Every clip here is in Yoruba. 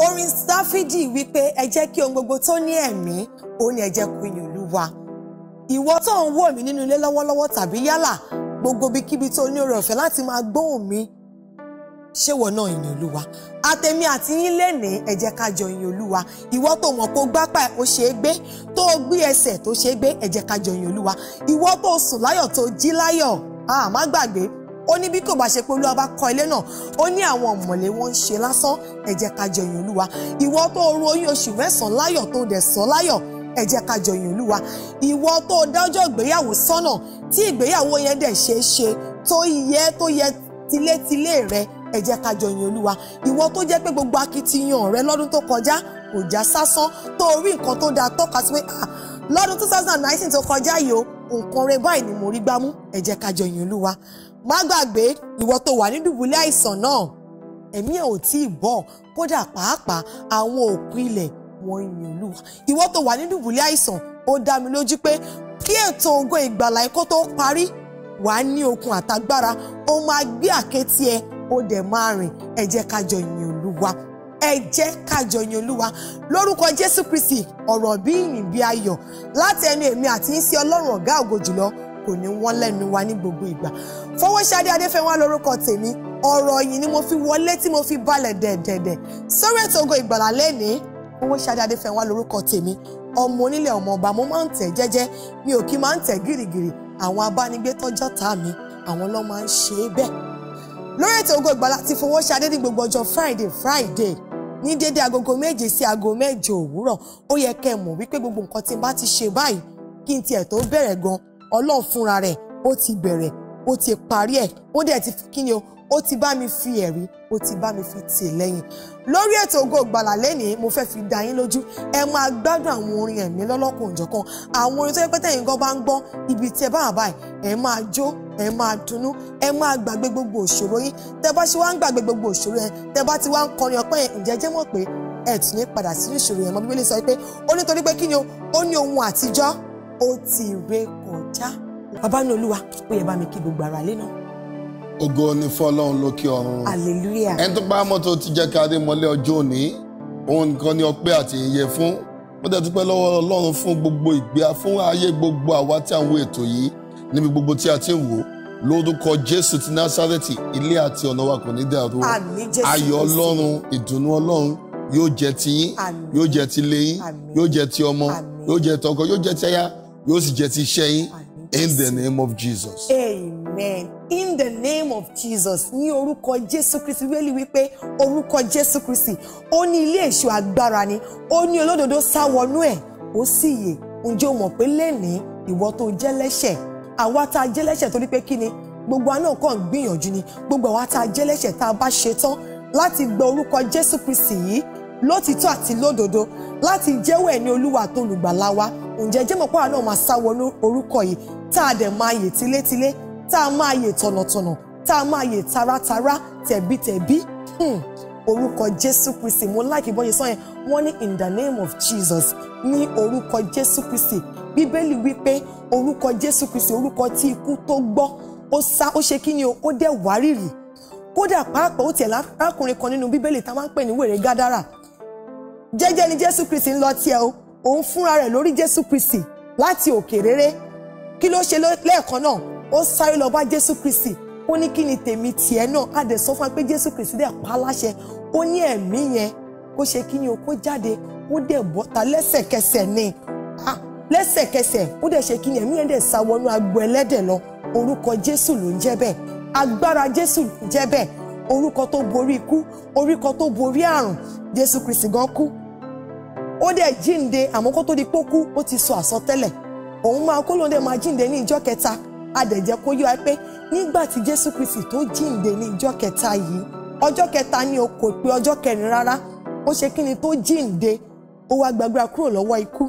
orin Dáfídì wípé ẹ jẹ́ kí ohun gbogbo tó ní ẹ̀mí òun ni ẹ jẹ́ kó yin Olúwa ìwọ tó ń wò mí nínú ilé lọ́wọ́lọ́wọ́ tàbí yálà gbogbo ibikíbi tó ní oore ọ̀fẹ́ láti máa gbóhùn mi ṣéwọ náà yin Olúwa àtẹ̀mí àti yín lénìí ẹ jẹ́ ká jọ yin Olúwa ìwọ tó mọ̀ kó gbápá ó ṣe é gbé tó gbé ẹsẹ̀ tó ṣe é gbé ẹ jẹ́ ká jọ yin Olúwa ìwọ tó sùn láyọ̀ tó jí láyọ̀ àmá gbàgbé ó ní bí kò bá ṣe pé olúwa bá kọ́ ilé náà ó ní àwọn ọ̀mọ̀lé wọn ń ṣe lásán ẹ jẹ́ ká jọ yìn olúwa ìwọ tó ro oyún oṣù mẹ́sàn-án láyọ̀ tó dẹ̀ sọ láyọ̀ ẹ jẹ́ ká jọ yìn olúwa ìwọ tó dájọ́ ìgbéyàwó sọ́nà tí ìgbéyàwó yẹn dẹ̀ ṣe é ṣe tó yẹ tó yẹ tilétilé rẹ ẹ ká jọ olúwa ìwọ tó jẹ́ pé gbogbo akitiyan rẹ lọ́dún tó kọjá kò já sásán tó rí nǹkan tó dáa tọ́ka sí pé lọ́dún two thousand nineteen tó kọjá yìí nǹkan rẹ báyìí ni mo rí gbámú ẹ jẹ́ ká jọ yìn Olúwa má gbàgbé ìwọ tó wà ní dùbúlẹ̀ àìsàn náà ẹ̀mí ẹ̀ ò tí ì bọ̀ kódà pàápàá àwọn òkú ilẹ̀ wọ́n yìn Olúwa ìwọ tó wà ní dùbúlẹ̀ àìsàn ó dá mi lójú pé kí ètò ògo ìgbàlà ikó tó parí wà á ní okun àtagbára ó máa gbé àkétì ẹ ó dẹ̀ máa rìn ẹ jẹ́ ká jọ yìn ẹ jẹ́ kájọ yin olúwa lórúkọ jésù kristi ọ̀rọ̀ bí ìyìn bí ayọ̀ láti ẹnu èmi àti ń sí ọlọ́run ọ̀gá ògo jùlọ kò ní wọ́n lẹ́nu wa ní gbogbo ìgbà fọwọ́ṣadé adéfẹ́wá lórúkọ tèmi ọ̀rọ̀ yìí ni mo fi wọlé tí mo fi balẹ̀ dẹ̀dẹ̀dẹ̀ sórí ètò Ògo Ìgbàlà lẹ́nìí Fọwọ́ṣadé Adéfẹ́nwá lórúkọ tèmi ọmọ onílẹ̀ ọmọ ọba mo máa ń tẹ̀ jẹ́jẹ́ mi ò kí máa ń tẹ̀ gírígírí àwọn abánigbé tọ́jọ́ ta mi àwọn ló máa ń ṣe é bẹ́ẹ̀ lórí ètò Ògo Ìgbàlà ti Fọwọ́ṣadé ní gbogbo ọjọ́ Friday Friday ní dédé agogo méje sí aago mẹ́jọ òwúrọ̀ ó yẹ kẹ́ ẹ mọ̀ wípé gbogbo nǹkan tí n bá ti ṣe báyìí kí n tiẹ̀ tó bẹ̀rẹ̀ gan ọlọ́run fúnra rẹ̀ ó ti bẹ̀rẹ̀ ó ti parí ẹ̀ ó dẹ̀ ti kí ni o ó ti bá mi fi ẹ̀rí ó ti bá mi fi tì lẹ́yìn lórí ètò Ògo Ìgbàlà lẹ́nìí mo fẹ́ fi dá yín lójú ẹ máa gbádùn àwọn orin ẹ̀mí lọ́lọ́kùn òjọ̀kan àwọn orin tó yẹ pé tẹ̀yìn gan bá ń gbọ́ ibi tí ẹ bá wà báyìí ẹ máa jó ẹ máa dunnú ẹ máa gbàgbé gbogbo òṣòro yín tẹ bá ṣe wá ń gbàgbé gbogbo òṣòro yẹn tẹ bá ti wá ń kọrin ọpẹ́ yẹn ǹjẹ́ jẹ́ mọ̀ pé ẹ tún ní padà sínú ìṣòro yẹn mọ́ Bíbélì sọ pé ó pé kí ni o ó ní ohun àtijọ́ ó ti rékọjá bàbá ní olúwa ó yẹ bá mi kí gbogbo ara lé náà. ògo ni fún ọlọ́run lókè ọ̀run. hallelujah. ẹni tó pa mọ́tò ti jẹ́ ká dé mọ́lẹ́ ọjọ́ òní òun nìkan ni ọpẹ́ àti ìyẹ fún mo dẹ̀ dúpẹ́ lọ́wọ́ ọlọ́run fún gbogbo ìgbé fún ayé gbogbo àwa tí à ń wo ètò yìí níbi gbogbo tí a ti ń wò lórúkọ jésù ti násárẹ́tì ilé àti ọ̀nà wa kò ní dàrú ayọ̀ ọlọ́run ìdùnnú ọlọ́run yóò jẹ́ ti yín yóò jẹ́ ti lé yóò jẹ́ ti ọmọ yóò jẹ́ ti ọkọ yóò jẹ́ ti aya yóò sì jẹ́ ti iṣẹ́ yín In the name of Jesus. Amen. In the name of Jesus. Ní orúkọ Jésù Kristi wíwélì wípé orúkọ Jésù Kristi ó ní ilé èṣù agbára ni ó ní olódodo sá wọnú ẹ̀ ó sì yè ǹjẹ́ o mọ̀ pé lẹ́nìí ìwọ tó jẹ́ lẹ́ṣẹ̀ àwa tá a jẹ́ lẹ́ṣẹ̀ torí pé kí ni gbogbo àná kàn gbìyànjú ni gbogbo àwa tá a jẹ́ lẹ́ṣẹ̀ tá a bá ṣe tán láti gbọ́ orúkọ Jésù Kristi yìí lótìtọ́ àti lódodo láti jẹ́wọ́ ẹ̀ ní Olúwa tó lùgbàlà wa ǹjẹ́ jẹ́mọ̀ pàrọ̀ máa sá wọnú orúkọ yìí tá a dẹ̀ máa yè tilétilé tá a máa yè tọ̀nàtọ̀nà tá a máa yè taratara tẹ̀bítẹ̀bí hmm. orúkọ jésù kristi mo láìkí bọ́yé sọ yẹn wọ́n ní in the name of jesus ní orúkọ jésù kristi bíbélì wípé orúkọ jésù kristi orúkọ tí ikú tó gbọ́ ó sá ó ṣe kí ni o ó dẹ̀ wárìrì kódà pàápàá ó tiẹ̀ lákùnrin kan nínú bíbélì tá a máa ń pè ní wèrè gádàrà jẹ́jẹ́ ni jésù kristi ń lọ tiẹ̀ o òun fúnra rẹ̀ lórí jésù kristi láti òkè rere kí ló ṣe lẹ́ẹ̀kan náà ó sáré lọ bá jésù kristi ó ní kí ni tèmi tiẹ̀ náà a dẹ̀ sọ fún wa pé jésù kristi dẹ̀ pa á láṣẹ ó ní ẹ̀mí yẹn kó ṣe kí ni o kó jáde ó dẹ̀ bọ́ta lẹ́sẹ̀kẹsẹ̀ ni ah, lẹ́sẹ̀kẹsẹ̀ ó dẹ̀ ṣe kí ni ẹ̀mí yẹn dẹ̀ sá wọnú agbo ẹlẹ́dẹ̀ lọ orúkọ jésù ló ń jẹ́ bẹ́ẹ̀ agbára jésù jẹ́ bẹ́ẹ̀ orúkọ tó borí ikú orúkọ tó borí àrùn jésù kristi gan kú ó dẹ̀ jíǹde àmọ́ di pé ó kú ó ti sọ àsọtẹ́lẹ̀ òun máa kó lóun dẹ̀ máa jíǹde ní ìjọ́ kẹta a dẹ̀ jẹ́ kó yọ ẹ pé nígbà tí jésù kristi tó jíǹde ní ìjọ́ kẹta yìí ọjọ́ kẹta ni o kò pé ọjọ́ kẹrin rárá ó ṣe kí ni tó jíǹde ó wá gbàgbà kúrò lọ́wọ́ ikú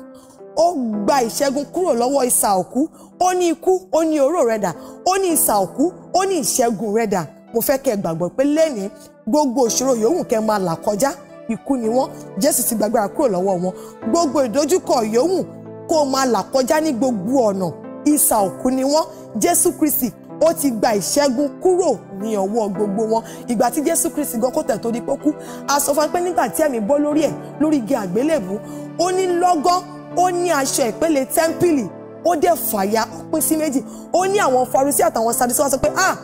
ó gba ìṣẹ́gun kúrò lọ́wọ́ isà òkú ó ní ikú ó ní oró rẹ̀ dà ó ní isà òkú ó ní ìṣẹ́gun rẹ̀ dà mo fẹ́ kẹ́ gbàgbọ́ pé lẹ́ni gbogbo ìṣòro yòówù kẹ́ máa là kọjá ikú ni wọ́n jésù ti gbàgbà kúrò lọ́wọ́ wọn gbogbo ìdojúkọ yòówù kó o máa là kọjá ní gbogbo ọ̀nà ìsà òkú ni wọ́n jésù kristi ó ti gba ìṣẹ́gun kúrò ní ọwọ́ gbogbo wọn ìgbà tí jésù kristi gan kó tẹ̀ tó di pé kú a sọ fún ẹ pé nígbà tí ẹ̀mí bọ́ lórí ẹ̀ lórí igi àgbélébù ó ní lọ́gán ó ní aṣọ ìpele tẹ́ḿpìlì ó dẹ̀ fàya ó pín sí méjì ó ní àwọn farisí àtàwọn sadusí wọn sọ pé ah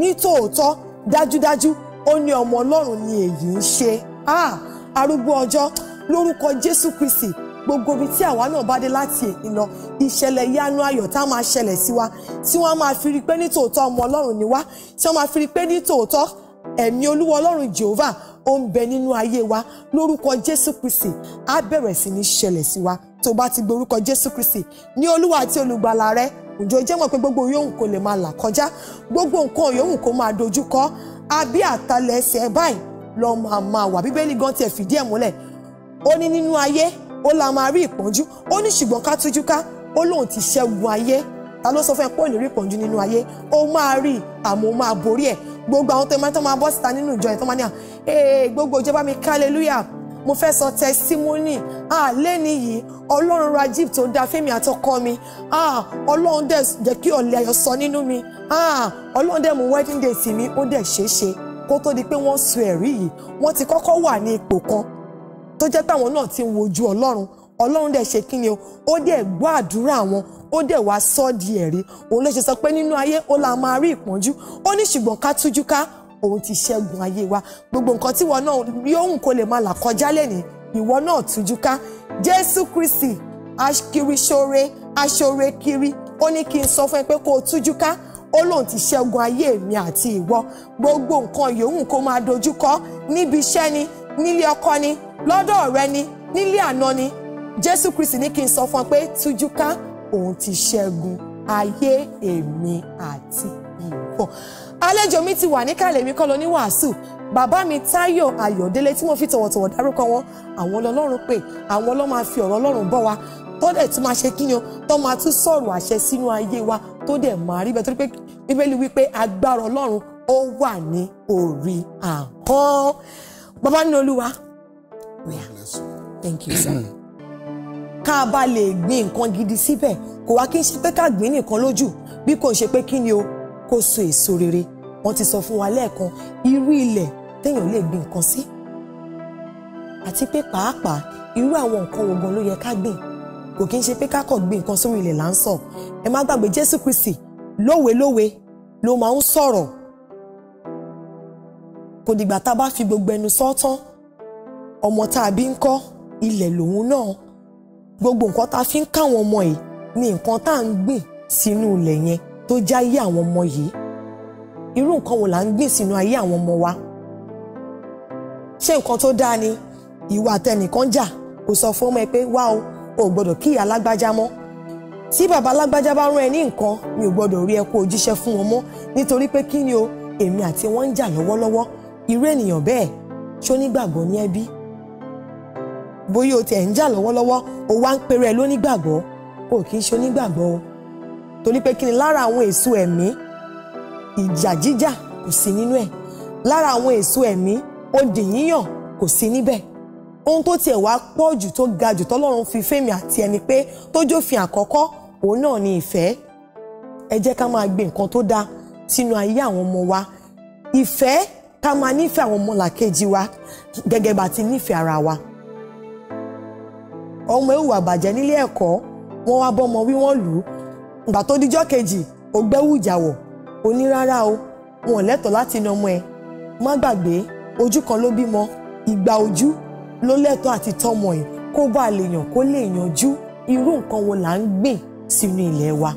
ní tòótọ́ dájúdájú ó ní ọmọ ọlọ́run ni èyí ń ṣe ah arúgbó ọjọ́ lórúkọ jésù kristi gbogbo ibi tí àwa náà bá dé láti èyí lọ ìṣẹ̀lẹ̀ ìyanu ayọ̀ tá a máa ṣẹlẹ̀ sí wa tí wọ́n á máa fi rí pé ní tòótọ́ ọmọ ọlọ́run ni wá tí wọ́n máa fi rí pé ní tòótọ́ ẹ̀mí olúwa ọlọ́run jehovah ó ń bẹ nínú ayé wa lórúkọ jésù kristi á bẹ̀rẹ̀ sí ní ṣẹlẹ̀ sí wa tó bá ti gbé orúkọ jésù kristi ní olúwa àti olùgbàlà rẹ ǹjọ́ jẹ́ mọ̀ pé gbogbo yòówù kò lè máa là kọjá gbogbo nǹkan yòówù kò máa dojú kọ abí àtàlẹ̀ báyìí lọ́ọ́ máa máa wà bíbélì gan tiẹ̀ fìdí ẹ̀ múlẹ̀ ó ní nínú ayé ó la máa rí ìpọ́njú ó ní ṣùgbọ́n ká tújú ká ó lóun ti ṣẹ́gun ayé ta ló sọ fún ẹ pé ò ní rí ìpọ́njú nínú ayé ó máa rí àmọ́ máa borí ẹ̀ gbogbo àwọn tó máa bọ́ síta nínú ìjọ yẹn tó máa ní à ee gbogbo ìjọba mi hallelujah mo fẹ́ sọ testimony ah lẹ́ni yìí ọlọ́run ra jeep tó da fẹ́mi àtọkọ mi ah ọlọ́run dẹ̀ jẹ́ kí ọ̀lẹ́ ayọ̀ sọ nínú mi ah ọlọ́run dẹ̀ mú wedding day sí mi ó dẹ̀ ṣeé ṣe kó tó di pé wọ́n sọ ẹ̀rí yìí wọ́n ti kọ́kọ́ wà ní ipò kan tó jẹ́ pé àwọn náà ti ń wojú ọlọ́run ọlọ́run dẹ̀ ṣe kí ni o ó dẹ̀ gbọ́ àdúrà wọn ó dẹ̀ wá sọ di ẹ̀rí òun ló ṣe sọ pé nínú ayé ó la máa rí ìpọ́njú ó ní ṣùgbọ́n ká tújú ká òun ti ṣẹ́gun ayé wa gbogbo nǹkan tí wọn náà yóò kó lè máa là kọjá lẹ́nìí ìwọ náà tújú ká jésù kristi akiriṣore aṣore kiri ó ní kí n sọ fún ẹ pé kó o tújú ká ó lóun ti ṣẹ́gun ayé mi àti ìwọ gbogbo nǹkan yòówù kó máa dojúkọ níbi iṣẹ́ ni nílé ọkọ ni lọ́dọ̀ ọ̀rẹ́ ni nílé àná ni jésù kristi ní kí n sọ fún ọ pé tújú ká òun ti ṣẹ́gun ayé èmi àti ìwọ. àlejò mi ti wà níkàlẹ̀ mi kọ́ lọ ní wàásù bàbá mi táyọ̀ ayọ̀délé tí wọ́n fi tọ̀wọ̀tọ̀wọ̀ dárúkọ wọn àwọn ọlọ́run pè àwọn ọlọ́run máa fi ọ̀rọ̀ ọlọ́run bọ́ wa tó dẹ̀ tún máa ṣe kíyan tó máa tún sọ̀rọ̀ àṣẹ sínú ayé wa tó dẹ̀ máa rí bẹ́ẹ̀ torí pé bíbélì wípé agbára ọlọ́run ó wà ní orí ahọ́n bàbá nínú olúwa yeah. thank you sir. ká a bá lè gbin nǹkan gidi síbẹ̀ kò wá kí n ṣe pé ká gbìn nìkan lójú bí kò ṣe pé kí ni o kó so èso rere wọ́n ti sọ fún wa lẹ́ẹ̀kan irú ilẹ̀ téèyàn lè gbin nǹkan sí àti pé pàápàá irú àwọn nǹkan wo gan ló yẹ ká gbìn kò kí n ṣe pé ká kàn gbin nǹkan sórí ilẹ̀ là ń sọ ẹ má gbàgbé Jésù Kristi lówelówe ló máa ń sọ̀rọ̀ kò dìgbà tá a bá fi gbogbo ẹnu sọ tán ọmọ tá a bí ń kọ́ ilẹ̀ lòun náà gbogbo nǹkan tá a fi ń káwọn ọmọ yìí ni nǹkan tá à ń gbìn sínú ilẹ̀ yẹn tó já yé àwọn ọmọ yìí irú nǹkan wo là ń gbìn sínú ayé àwọn ọmọ wa ṣé nǹkan tó dáa ni ìwà àtẹnìkan jà kò sọ fún ọmọ ẹ pé wá o ò gbọ́dọ̀ kí ìyá alágbájá mọ́ tí bàbá alágbájá bá rán ẹ ní nǹkan mi ò gbọ́dọ̀ rí ẹ kó o jíṣẹ́ fún wọn mọ́ nítorí pé kí ni o èmi àti wọn ń jà lọ́wọ́lọ́wọ́ irú ènìyàn bẹ́ẹ̀ ṣó nígbàgbọ́ ní ẹbí bóyá o tiẹ̀ ń jà lọ́wọ́lọ́wọ́ o wá ń pèrè lónígbàgbọ́ o kì í ṣe onígbàgbọ́ o torí pé kí ni lára àwọn èso ẹ̀mí ìjà jíjà kò sí nínú ẹ̀ lára àwọn èso ẹ̀mí odì yíyàn kò sí níbẹ̀ ohun tó tiẹ̀ wá pọ̀ jù tó ga jù tọ́lọ́run fi fẹ́mi àti ẹni pé tó jófin àkọ́kọ́ òun náà ni ìfẹ́ ẹ jẹ́ ká máa gbé nǹkan tó dáa sínú ayé àwọn ọmọ wa ìfẹ́ ká máa nífẹ̀ẹ́ àwọn ọmọlàkejì wa gẹ́gẹ́ bá ti nífẹ̀ẹ́ ara wa ọmọ ẹ̀ hùwà bàjẹ́ nílé ẹ̀kọ́ wọ́n wá bọ́mọ wí wọ́n lù ú ìgbà tó dijọ́ kejì ò gbẹ́wù ìjàwọ̀ onírárá o wọn ò lẹ́tọ̀ọ́ láti na ọmọ ẹ̀ má gbàgbé ojú kan ló bímọ ìgbà ojú ló lẹ́tọ̀ọ́ àti tọ́mọ ẹ̀ kó bá a lè yàn kó lè yanjú irú nǹkan wo là ń gbìn sínú ilẹ̀ wa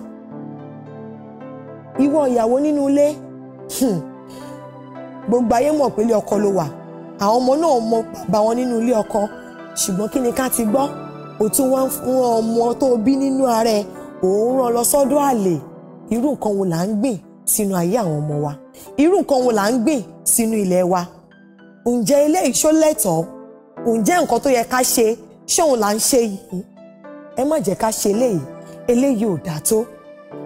ìwọ ìyàwó nínú ilé gbogbo ayé mọ̀ pé ilé ọkọ ló wà àwọn ọmọ náà mọ bàbá wọn nínú ilé ọkọ ṣùgbọ́n kí ni ká ti gbọ́ o tún wá ń fún ọmọ tó bí nínú ara ẹ òun rán lọ sọ́dọ̀ àlè irú nǹkan wo là ń gbìn sínú ayé àwọn ọmọ wa irú nǹkan wo là ń gbìn sínú ilẹ̀ wa ǹjẹ́ ilé ìṣó lẹ́tọ̀ọ́ ǹjẹ́ nǹkan tó yẹ ká ṣe ṣé òun là ń ṣe yìí ẹ má jẹ́ ká ṣe eléyìí eléyìí ò dá tó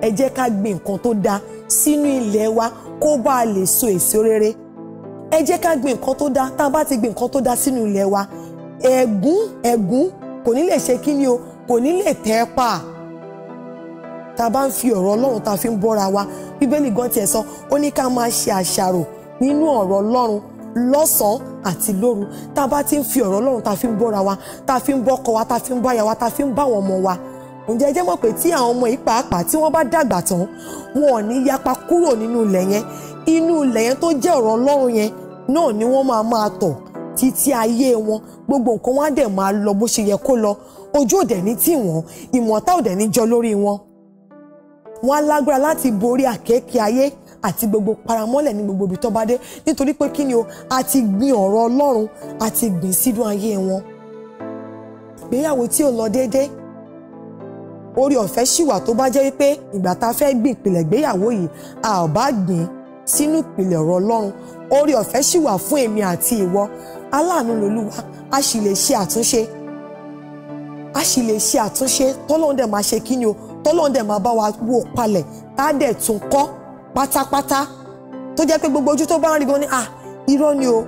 ẹ jẹ́ ká gbin nǹkan tó dáa sínú ilẹ̀ wa kó bá a lè so èso rere ẹ jẹ́ ká gbin nǹkan tó dáa tá a bá ti gbin nǹkan tó dáa sínú ilẹ̀ wa ẹ̀gún ẹ̀gún kò ní lè ṣe kíni o kò ní lè tẹ́ pa tá a bá ń fi ọ̀rọ̀ ọlọ́run tá a fi ń bọ́ra wa bíbélì gan tiẹ̀ sọ ó ní ká máa ṣe àṣàrò nínú ọ̀rọ̀ ọlọ́run lọ́sàn-án àti lóru tá bá ti ń fi ọ̀rọ̀ ọlọ́run tá fi ń bọ́ra wa tá a fi ń bọ́kọ wa tá a fi ń báyà wa tá a fi ń báwọn ọmọ wa ǹjẹ́ ẹ mọ̀ pé tí àwọn ọmọ yìí pàápàá tí wọ́n bá dàgbà tán wọn ò ní yapa kúrò nínú ilẹ̀ yẹn inú ilẹ̀ yẹn tó jẹ́ ọ̀rọ̀ ọlọ́run yẹn náà ni wọ́n máa máa tọ̀ títí ayé wọn gbogbo nǹkan wọn á dẹ̀ máa lọ bó ṣe yẹ kó lọ ojú òdẹ̀ ní tì wọ́n ìmọ̀ta òdẹ̀ ní jọ lórí wọn. wọn á lágbára láti borí àkẹ́kẹ́ ayé àti gbogbo paramọ́lẹ̀ ní gbogbo ibi tó bá dé nítorí pé kí ni o a ti gbin ọ̀rọ̀ Ọlọ́run a ti gbìn sídùn ayé wọn. ìgbéyàwó tí ò lọ déédéé orí ọ̀fẹ́ ṣì wà tó bá jẹ́ wípé ìgbà tá a fẹ́ gbìn ìpìlẹ̀ ìgbéyàwó yìí a ò bá gbìn sínú ìpìlẹ̀ ọ̀rọ̀ ọlọ́run oore ọ̀fẹ́ sì wà fún èmi àti ìwọ aláàánú lolúwa a sì lè ṣe àtúnṣe a sì lè ṣe àtúnṣe tọ́lọ́run dẹ̀ máa ṣe kí o tọ́lọ́run dẹ̀ máa bá wa wò palẹ̀ tá a dẹ̀ tún kọ́ pátápátá tó jẹ́ pé gbogbo ojú tó bá ń rí gan ni ah irọ́ ni o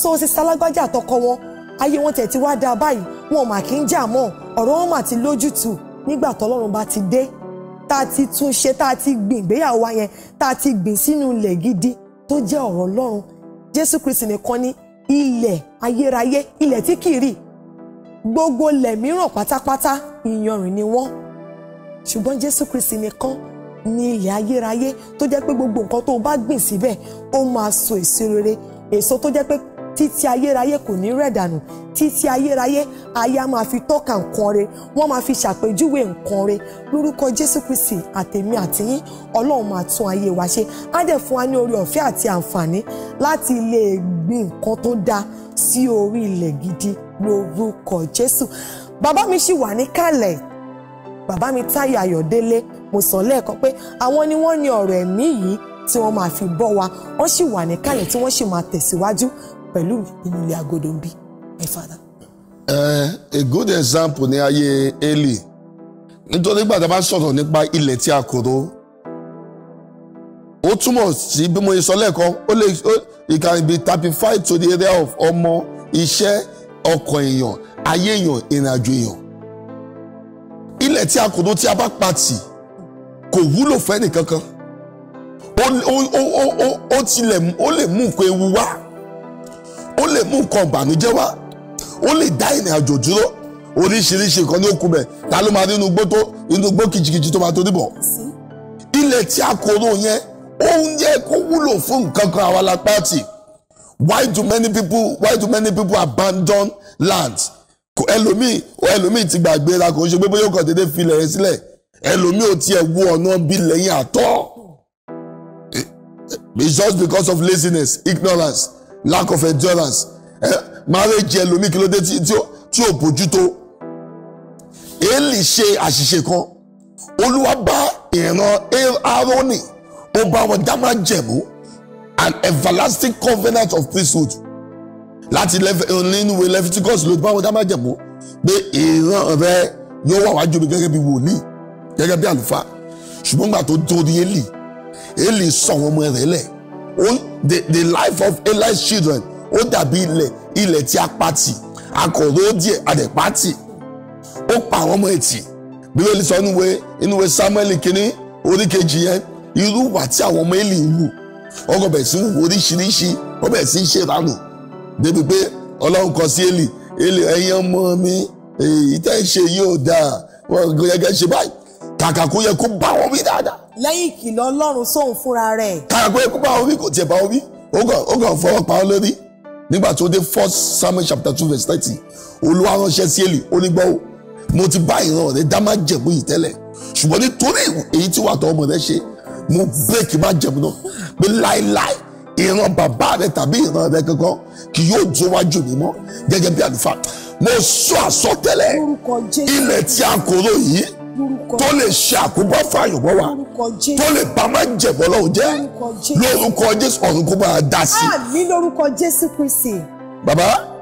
so ṣe ṣalágbájá àtọkọ wọn ayé wọn tẹ̀ ti wá dáa báyìí wọn mà kí ń jà mọ́ ọ̀rọ̀ wọn mà ti lójútùú nígbà tọ́lọ́run bá ti dé tá a ti tún ṣe tá a ti gbìn ìgbéyàwó wa yẹn tá a ti gbìn sínú ilẹ̀ gidi tó jẹ́ ọ̀rọ̀ Ọlọ́run Jésù Kristi nìkan ní ilẹ̀ ayérayé ilẹ̀ tí kì í rì gbogbo ilẹ̀ mìíràn pátápátá ìyanrìn ni wọ́n ṣùgbọ́n Jésù Kristi nìkan ní ilẹ̀ ayérayé tó jẹ́ pé gbogbo nǹkan tó bá gbìn síbẹ̀ ó máa so èso rere èso tó jẹ́ pé títí ayérayé kò ní rẹ̀dànù títí ayérayé aya máa fi tọ́ka nǹkan re wọ́n máa fi ṣàpèjúwe nǹkan re lórúkọ jésù kristi àtèmi àtìyín ọlọ́run máa tún ayé wa ṣe á dẹ̀ fún wa ní oore ọ̀fẹ́ àti àǹfààní láti lè gbin nǹkan tó dáa sí orí ilẹ̀ gidi lórúkọ jésù bàbá mi ṣì wà níkàlẹ̀ bàbá mi táyé ayọ̀délé mo sọ lẹ́ẹ̀kan pé àwọn ni wọ́n ní ọ̀rọ̀ ẹ̀mí yìí tí wọ́n máa fi bọ́ wa wọ́n sì wà níkàlẹ̀ tí wọ́n sì máa tẹ̀síwájú pẹ̀lú nínú ilé agodo ń bí ẹ fada. a good example ní ayé Eli nítorí gbàdá bá sọ̀rọ̀ nípa ilẹ̀ tí a kò ró ó túmọ̀ sí bí mo sọ lẹ́ẹ̀kan ó lè it can be typified to the area of ọmọ iṣẹ́ ọkàn èèyàn ayé èèyàn ìrìnàjò èèyàn ilẹ̀ tí a kò ró tí a bá pa tì kò wúlò fẹ́nìkankan ó tilẹ̀ ó lè mú nǹkan ewu wá ó lè mú nǹkan ìbànújẹ́ wá ó lè dá ìrìn àjò dúró oríṣiríṣi nǹkan ní ó bẹ̀ ta ló máa rí inú gbó tó inú gbó kìjìkìjì tó máa torí bọ̀ ilẹ̀ tí a kóró yẹn ó ń yẹ kó wúlò fún nǹkan kan àwa la pàtì why do many people why do many people abandon land kò ẹlòmíì ó ẹlòmíì ti gbàgbéra kò ń ṣe pé bóyá ó kàn déédéé filẹ̀ yẹn sílẹ̀ ẹlòmíì ò tiẹ̀ wo ọ̀nà bí lẹ́yìn àtọ́ it's just because of laziness ignorance lack of endurance eh, marriage ẹlòmíì kí ló dé tí ò bójútó Élì ṣe àṣìṣe kan olúwa bá ìran Áárónì ó bá wọn dá májẹ̀mú an everlasting covenant of priesthood láti eh, nínú Leviticus ló bá wọn dá májẹ̀mú pé ìran rẹ yóò wà wájú mi gẹ́gẹ́ bí wòlíì gẹ́gẹ́ bí àlùfáà ṣùgbọ́n gbà tó dórí Élì eli. sọ àwọn ọmọ rẹ̀ lẹ̀ the, the life of Eli's children ó dàbí ilẹ̀ ilẹ̀ tí a pàtì akọ̀rọ̀ díẹ̀ àdẹ̀pàtì ó pa àwọn ọmọ ètì bíbélì sọ inú ìwé inú ìwé Samuel kínní oríkejì yẹn irú wà tí àwọn ọmọ èlì ń wù ọkọ̀ bẹ̀ sí wù oríṣiríṣi ó bẹ̀ sí ṣe ìranù débi pé ọlọ́run kọ sí èlì èlì ẹ̀yin ọmọ mi èyí ṣe yìí dáa wọn kò ṣe báyìí kàkà kó yẹ kó bá wọn wí dáadáa. lẹ́yìn ìkìlọ̀ ọlọ́run sóhun fúnra rẹ̀. kàkà kó yẹ kó bá wọn wí kò tiẹ̀ bá wọn wí ó kàn fọwọ́ pa ọ́ lórí nígbà tó dé first samuel chapter two verse thirty olúwa ránṣẹ́ sí èlì ó o mo ti bá ìran rẹ dá má jẹ̀mú yìí tẹ́lẹ̀ ṣùgbọ́n nítorí èyí tí wà tó ọmọ rẹ ṣe mo break má jẹ̀mú náà pé láéláé ìran bàbá rẹ tàbí ìran rẹ kankan kì yóò jó wájú mi mọ́ gẹ́gẹ́ bí àlùfáà mo sọ àsọtẹ́lẹ̀ ilẹ̀ tí a kò rò yìí tó lè ṣe àkóbá fàyọ̀bọ̀ wa tó lè bá má jẹ̀bọ̀ lọ́hùn jẹ́ lórúkọ Jésù ọ̀run kó bá a dá sí. àmì lórúkọ Jésù Kristi. bàbá.